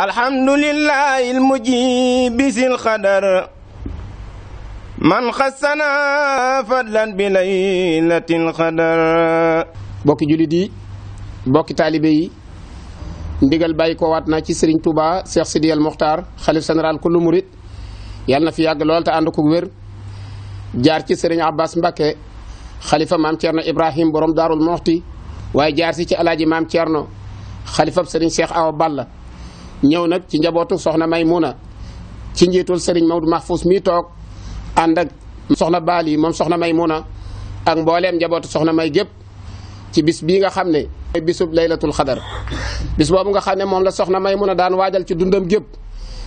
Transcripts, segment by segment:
الحمد لله المجيب ذي الخدر من خسنا فضلا بليلة الخدر بوكي جوليدي بوكي طالبي ديغال بايكو واتنا سي سيرن توبا شيخ سيدي المختار خليفه سنرال كل مريد يالنا في ياغ لول تا اندكو وير جار سي سيرن عباس مباكي خليفه مام تيرنو ابراهيم بروم دار المفتي واي جار سي سي الحاج مام تيرنو خليفه سيرن شيخ اوا بالله ñëw nag ci njabootu soxna may Maymuna ci njiitul sëriñ Maodo Mahfous mi toog ànd ak soxna Baali moom soxna Maymuna ak mbooleem njabootu soxna May gépp ci bis bii nga xam ne mooy bisub laylatul xadar bis boobu nga xam ne moom la soxna Maymuna daan waajal ci dundam gépp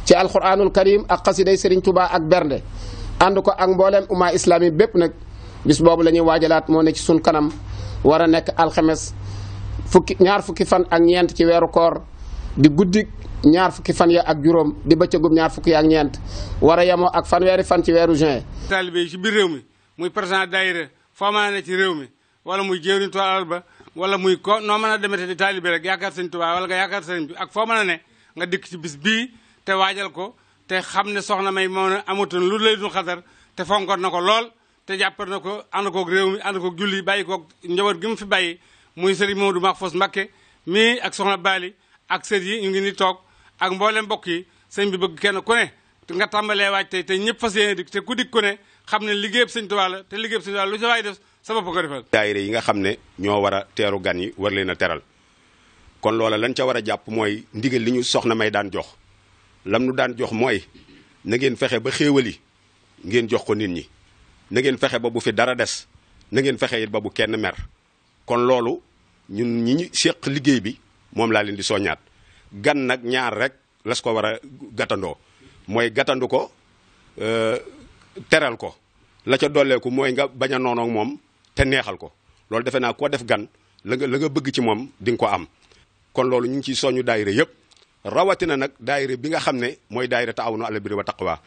ci alquranul karim ak xasiday sëriñ tubaa ak bernde ànd ko ak mbooleem umma islami bépp nag bis boobu la ñuy waajalaat moo ne ci sun kanam war a nekk alxemes fukki ñaar fukki fan ak ñeent ci weeru koor di guddi ñaar fukki fan ya ak juróom di bëccëgum ñaar fukki ak ñeent war a yemoo ak fan fanweeri fan ci weeru juin. taalibe yi ci biir réew mi muy président daayira foo mën ne ci réew mi wala muy jëwriñ toolal ba wala muy ko noo demete di taalibe rek yaakaar sëñ Tuubaa wala nga yaakaar sëñ bi ak foo mën a ne nga dikk ci bis bii te waajal ko te xam ne soxna May moo ne amatoon lu lay dul xadar te fonkoon na ko lool te jàppar na ko ànd koog réew mi ànd koog julli bàyyi koog njaboot gi mu fi bàyyi muy sëriñ Modou Mahfous Mbacké mii ak soxna baali ak sët yi ñu ngi ni toog ak mboolem mbokk yi sëñ bi bëgg kenn ku ne nga tàmbalee waaj tay te ñëpp fas dik te ku dik ku ne xam ne liggéeyab sëñ la te liggéeyab sëñ Tuubaa lu sa waay def sa bopp nga defal daayira yi nga xam ne ñoo war a gan yi war leena a kon loola lañ ci wara japp moy ndigal li ñu soxna may daan jox lam nu daan jox moy na ngeen fexé ba xéewal ngeen jox ko nit ñi na ngeen fexé ba bu fi dara dess na ngeen fexé it ba bu kenn mer kon loolu ñun ñi ñu séq liggéey bi moom laa leen di soññaat gan nag ñaar rek las ko war a gàttandoo mooy gàttandu ko euh, teral ko la ca dolleeku mooy nga bañ a noonoog moom te neexal ko loolu defe naa koo def gan la nga la nga bëgg ci moom di nga ko am kon loolu ñu ngi ciy soñu daayira yëpp rawatina nag daayira bi nga xam ne mooy daayira taawunu alal birri wa taqwa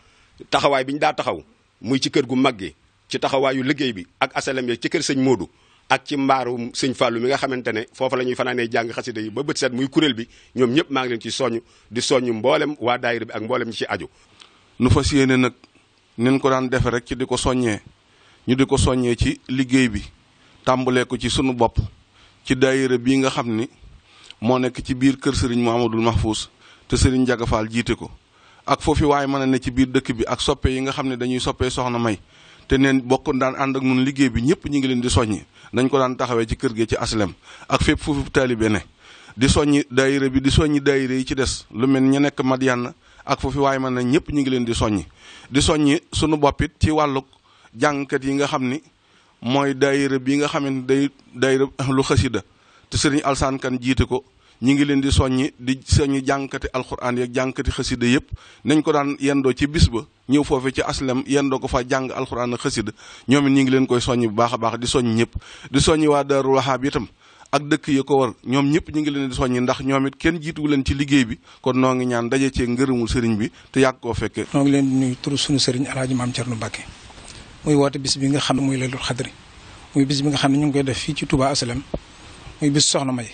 taxawaay bi ñu daa taxaw muy ci kër gu mag gi ci taxawaayu liggéey bi ak asalam ya ci kër sëñ Moodu ak ci mbaarum sëñ Fallou mi nga xamante ne foofa la ñuy fanaanee jàng xasida yi ba bët set muy kuréel bi ñoom ñëpp maa ngi leen ci soññ di soññ mboolem waa daayira bi ak mboolem ci aju nu fas yéene nag nin ko daan defe rek ci di ko soññee ñu di ko soññee ci liggéey bi tàmbalee ko ci sunu bopp ci daayira bii nga xam ni moo nekk ci biir kër sëriñ Mouhamadoul Mahfous te sëriñ Ndiaga Fall jiite ko ak foofu waaye mën a ne ci biir dëkk bi ak soppe yi nga xam ne dañuy soppee soxna May te neen bokk daan ànd ak nun liggéey bi ñëpp ñu ngi leen di soññi dañ ko daan taxawee ci kër gi ci aslem ak fépp foofu taalibe ne di soññi daayira bi di soññi daayira yi ci des lu men ñu nekk Madiane ak foofu waaye man na ñëpp ñu ngi leen di soññi di soññi sunu boppit ci wàllug jàngkat yi nga xam ni mooy daayira bi nga xamante day daayira lu xasida te sëriñ alsaan kan jiite ko ñi ngi leen di soññi di soññi jànkati alxuraan yeeg jànkati xasida yëpp nañ ko daan yendoo ci bis ba ñëw foofe ci aslem yendoo ko fa jàng alxuraan ak xasida ñoom it ñi ngi leen koy soññ bu baax a baax di soññ ñëpp di soññi waa Daarul Wahab itam ak dëkk yi ko war ñoom ñëpp ñu ngi leen di soññi ndax ñoom it kenn jiituwu leen ci liggéey bi kon noo ngi ñaan daje cee ngërëmu sëriñ bi te yàgg koo fekkee noo ngi leen di nuyu turu sunu sëriñ alaaji maam Cerno Mbàkke muy woote bis bi nga xam ne muy Laylatul Xadri muy bis bi nga xam ne ñu ngi koy def fii ci Touba Asalem muy bis soxna May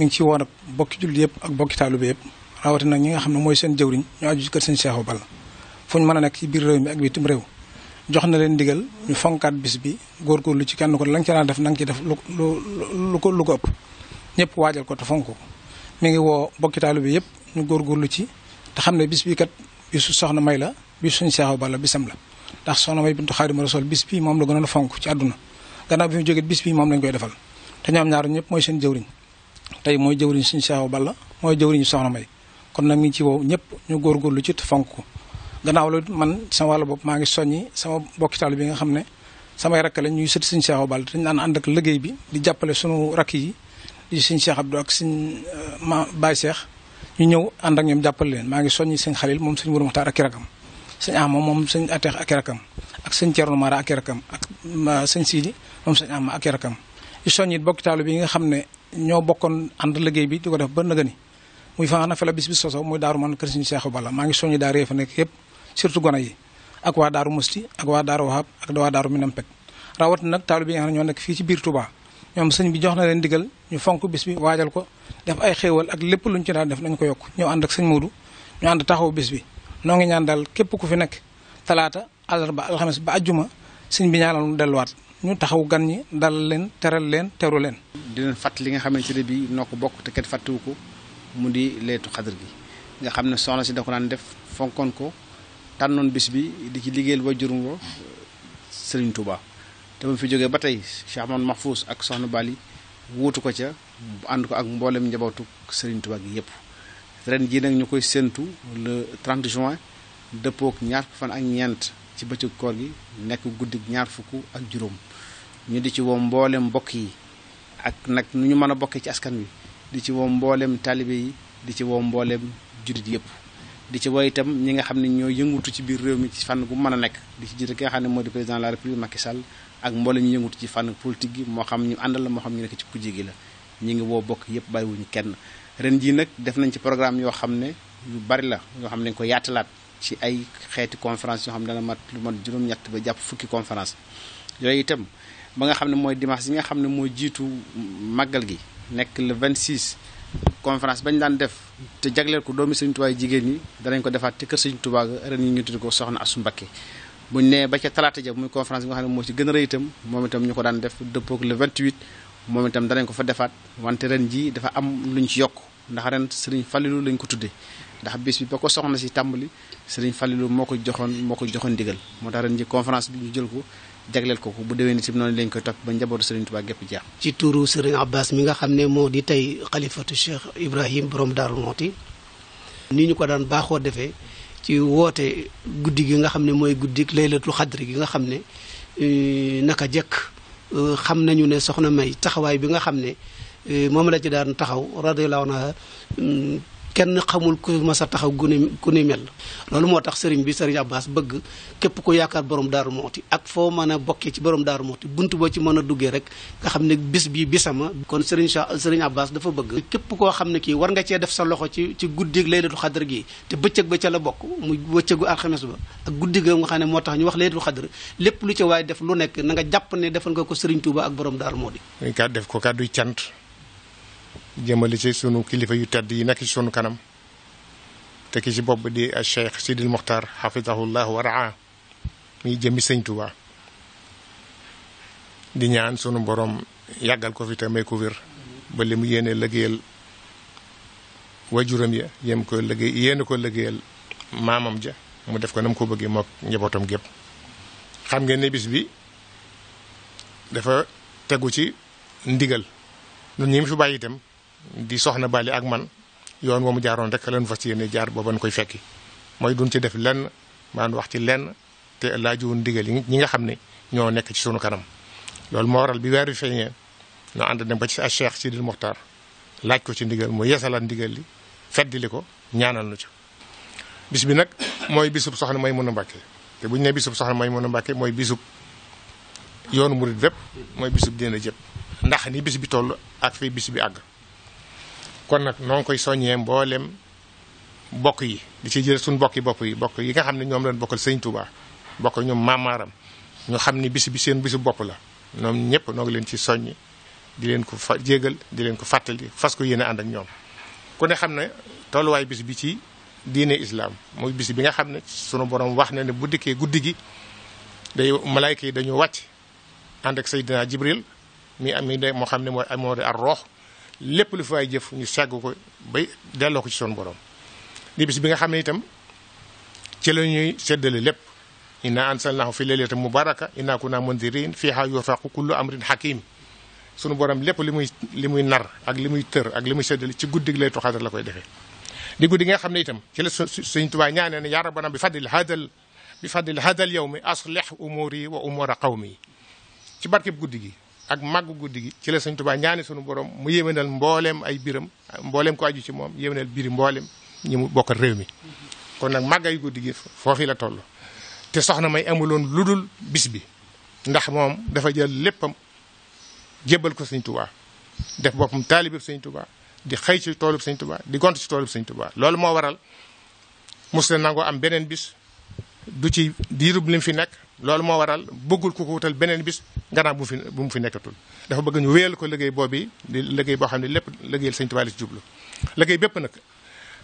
mi ngi ci woon ak bokki julli yëpp ak bokki taalu bi yëpp rawatina ñi nga xam ne mooy seen jëwriñ ñu aju ci kër sëñ Cheikh Balla fu a nekk ci biir réew mi ak bitim réew jox na leen ndigal ñu bis bi góorgóorlu ci kenn ko la nga ci def na nga ci def lu ko lu ko ëpp ñëpp waajal ko te fonk ko ngi woo bokki taalu bi yëpp ñu góorgóorlu ci te xam ne bis bi kat bisu soxna may la bisu suñu Cheikh Balla bisam la ndax soxna may bintu Xaadimu Rasuul bis bi moom la gënoon fonk ci àdduna gannaaw bi bis bi moom lañ koy defal te ñoom ñaar ñëpp mooy seen jëwriñ tey mooy jëwriñ suñ seexu balla moy jeuwriñ soxna may kon na mi ci wo ñep ñu lu ci fonku gannaaw man sama wala bop ma ngi soññi sama tal bi nga xamne sama samay la ñuy seigne cheikh balla dañ nan and ak liggey bi di jappalé sunu rak yi di seigne cheikh abdou ak seigne euh, ma cheikh ñu ñew and ak ñom jappal leen ma ngi soñi seigne khalil mom seigne wuru muxtaar ak rakam seigne am mom seigne ateex ak rakam ak seigne mara ak rakam ak euh, seigne sidi mom seigne am ak rakam ñu bokki tal bi nga xamne ñoo bokkoon ànd liggéey bi di ko def ba nëgëni muy fa na fa la bis bi soso muy daaru man kër suñu Seexu Balla maa ngi soññi daara yi fa nekk yëpp surtout gone yi ak waa daaru musti ak waa daaru wahab ak waa daaru minam pet rawat nag taalu bi nga xam ne fii ci biir tubaa ñoom sëñ bi jox na leen digal ñu fonk bis bi waajal ko def ay xéewal ak lépp luñ ci daan def nañ ko yokk ñoo ànd ak sëñ Moodu ñu ànd taxaw bis bi noo ngi ñaan daal képp ku fi nekk talaata àllarba alxames ba ajjuma sëñ bi ñaan ñaanal delluwaat ñu taxaw gan ñi dal leen teral leen teru leen dinañ fàtt li nga xamante ne bii noo ko bokk te kenn fàttiwu ko mu di leetu xadar gi nga xam ne soxna si da def fonkoon ko tànnoon bis bi di ci liggéeyal wajurum wa sëriñ tuba te mu fi jógee ba cheikh mahfous ak soxna bali wuutu ko ca ànd ko ak mboolem njabootu sëriñ tuba gi yépp ren ji nag ñu koy le 30 juin dëppoog ñaar fan ak ñeent ci bëccëg koor gi nekk guddi ñaar fukk ak juróom ñu di ci woo mbooleem mbokk yi ak nag nu ñu mën a bokkee ci askan wi di ci woo mboolem taalibe yi di ci woo mboolem jurit yëpp di ci woo itam ñu nga xam ne ñoo yëngutu ci biir réew mi ci fànn gu mën a nekk di ci jiite ki nga xam ne moo di président de la république Macky Sall ak mboolem ñu yëngutu ci fànn politique gi moo xam ñu àndal la moo xam ñu nekk ci kujje gi la ñu ngi woo bokk yëpp bàyyiwuñu kenn ren jii nag def nañ ci programme yoo xam ne yu bari la yoo xam dañ ko yaatalaat ci ay xeeti conférence yoo xam dana mat mat juróom-ñett ba jàpp fukki conférence yooyu itam ba nga xam ne mooy dimanche yi nga xam ne mooy jiitu màggal gi nekk la le 26 conférence bañ daan def te jagleel ko doomi Sëriñ Tuubaa jigéen ñi danañ ko defaat te kër Sëriñ Tuubaa ren yi ñu tudd ko soxna Asu Mbakke buñ ne ba ca talaata ja muy conférence bi nga xam ne moo ci gën a rëy itam moom itam ñu ko daan def dëppoog le 28 moom itam danañ ko fa defaat wante ren jii dafa am luñ ci yokk ndax ren Sëriñ Falilu lañ ko tuddee ndax bis bi ba ko soxna si tàmbali Serigne Fallilou moo ko joxoon moo ko joxoon digal moo tax ren ji conférence bi ñu jël ko jagleel ko ko bu déwénee itam noonu lañ koy topp ba njabootu Serigne Touba gépp jeex. ci tuuru Serigne Abbas mi nga xam ne moo di tey xalifatu Cheikh Ibrahim borom Darou Mouhty nii ñu ko daan baaxoo defee ci woote guddi gi nga xam ne mooy guddik laylatul xadri gi nga xam ne e, naka jëkk e, xam nañu ne soxna May taxawaay bi nga xam ne e, moom la ci daan taxaw radiyallahu anha mm, kenn xamul ku ma sa taxaw ku ne ku mel loolu moo tax sëriñ bi sëriñ Abbas bëgg képp ko yaakaar borom daaru mooti ak foo mën a bokkee ci borom daaru mooti bunt boo ci mën a duggee rek nga xam ne bis bii sama kon sëriñ Cheikh sëriñ Abbas dafa bëgg képp koo xam ne kii war nga cee def sa loxo ci ci guddig laylatul xadar gi te bëccëg ba ca la bokk mu bëccëgu alxames ba ak guddi ga nga xam moo tax ñu wax laylatul xadar lépp lu ca waaye def lu nekk na nga jàpp ne defal nga ko sëriñ ak borom daaru mooti def ko kàddu cant jëmale ci sunu kilifa yu tedd yi nekk ci sunu kanam te ki ci bopp di Cheikh Sidil Mokhtar xafidahullah wa raa muy jëmi sëñ Tuba di ñaan sunu borom yàggal ko fi te may ko wér ba li mu yéene liggéeyal wajuram ya yem ko liggéey yéene ko liggéeyal maamam ja mu def ko nam ko bëggee mook njabootam gépp xam ngeen ne bis bi dafa tegu ci ndigal ñun ñi fi bàyyi di soxna Bali ak man yoon wa mu jaaroon rek lan fas yéene jaar ba ban koy fekki mooy duñ ci def lenn maan wax ci lenn te laajuwoon ndigal yi ñi nga xam ne ñoo nekk ci sunu kanam. loolu moo waral bi weer bi feeñee ñu ànd dem ba ci Cheikh Sidil Muxtaar laaj ko ci ndigal mu yeesalaat ndigal li feddili ko ñaanal nu ci bis bi nag mooy bisub soxna mooy mën a mbàkke te bu ñu nee bisub soxna mooy mën a mbàkke mooy bisub yoonu murit bépp mooy bisub diine jëpp ndax ni bis bi toll ak fii bis bi àgg. kon nag noo ngi koy soññee mboolem bokk yi di ci jël suñu bokki bopp yi bokk yi nga xam ne ñoom leen bokkal sëñ Touba bokk ñoom maamaaram ñu xam ni bis bi seen bisu bopp la ñoom ñëpp noo ngi leen ci soññ di leen ko fa jégal di leen ko fàttali fas ko yéene ànd ak ñoom ku ne xam ne tolluwaay bis bi ci diine islaam muy bis bi nga xam ne sunu borom wax na ne bu dikkee guddi gi day malaayka yi dañoo wàcc ànd ak Seydina Jibril mi am mi de moo xam ne mooy amoo de ar roox lépp lu fay jëf ñu segg ko bay delloo ko ci son borom di bis bi nga xam ne itam ci la ñuy séddale lépp inna ansalnahu fi laylatin mubaraka inna kunna mundirin fiha ku kullu amrin hakim sunu borom lépp li muy li muy nar ak li muy tër ak li muy séddale ci guddi lay toxadar la koy defee di guddi nga xam ne itam ci la Sëñ Tuubaa ñaanee ne yaa rabbana bi fadlil hadal bi fadlil hadal yawmi aslih umuri wa umura qawmi ci barkeb guddi gi ak màggu guddi gi ci la sëñ Tuubaa ñaani sunu borom mu yéwénal mbooleem ay biram mbooleem ko aju ci moom yéwénal biri mbooleem ñi mu bokkal réew mi kon nag màggaay guddi gi foofu la toll te soxna may amuloon lu dul bis bi ndax moom dafa jël léppam jébbal ko sëñ Tuubaa def boppam taalibeb sëñ Tuubaa di xëy ci toolub sëñ Tuubaa di gont ci bi sëñ Tuubaa loolu moo waral mos la nangoo am beneen bis du ci diirub lim fi nekk loolu moo waral bëggul ku ko wutal beneen bis gannaaw bu fi bu mu fi nekkatul dafa bëgg ñu wéyal ko liggéey boobu di liggéey boo xam ne lépp liggéeyal Sëñ Tuubaa la ci jublu bépp nag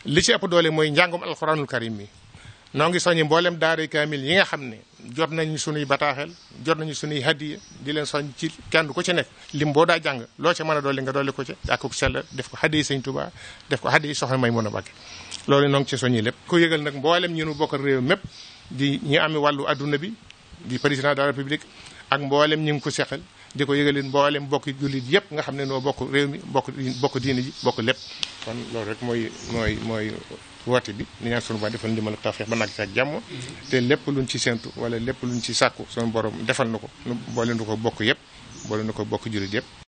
li ci ëpp doole mooy njàngum alxuraanul karim mi noo ngi soññi mboolem daara kaamil yi nga xam ne jot nañu sunuy bataaxel jot nañu sunuy hadiya di leen soñ ci kenn ku ci nekk lim boo daa jàng loo ci mën a dolli nga dolli ko ca ak ko sell def ko hadiya Sëñ Tuubaa def ko hadiya Soxna a Mbàkke loolu noo ngi ci soññi lépp ko yëgal nag mboolem ñunu bokk réew mépp di ñi amee wàllu adduna bi di président de la république ak mboolem ñu ngi ko seqal di ko yëgal mboolem mbokk jullit yëpp nga xam ne noo bokk réew mi bokk bokk diini ji bokk lépp kon loolu rek mooy mooy mooy woote bi ni ñaan sunu borom defal ndimbal ak tawfeex ba nag ci ak jàmm te lépp luñ ci séntu wala lépp luñ ci sàkku sunu borom defal na ko boole na ko bokk yëpp boole na ko bokk jullit yëpp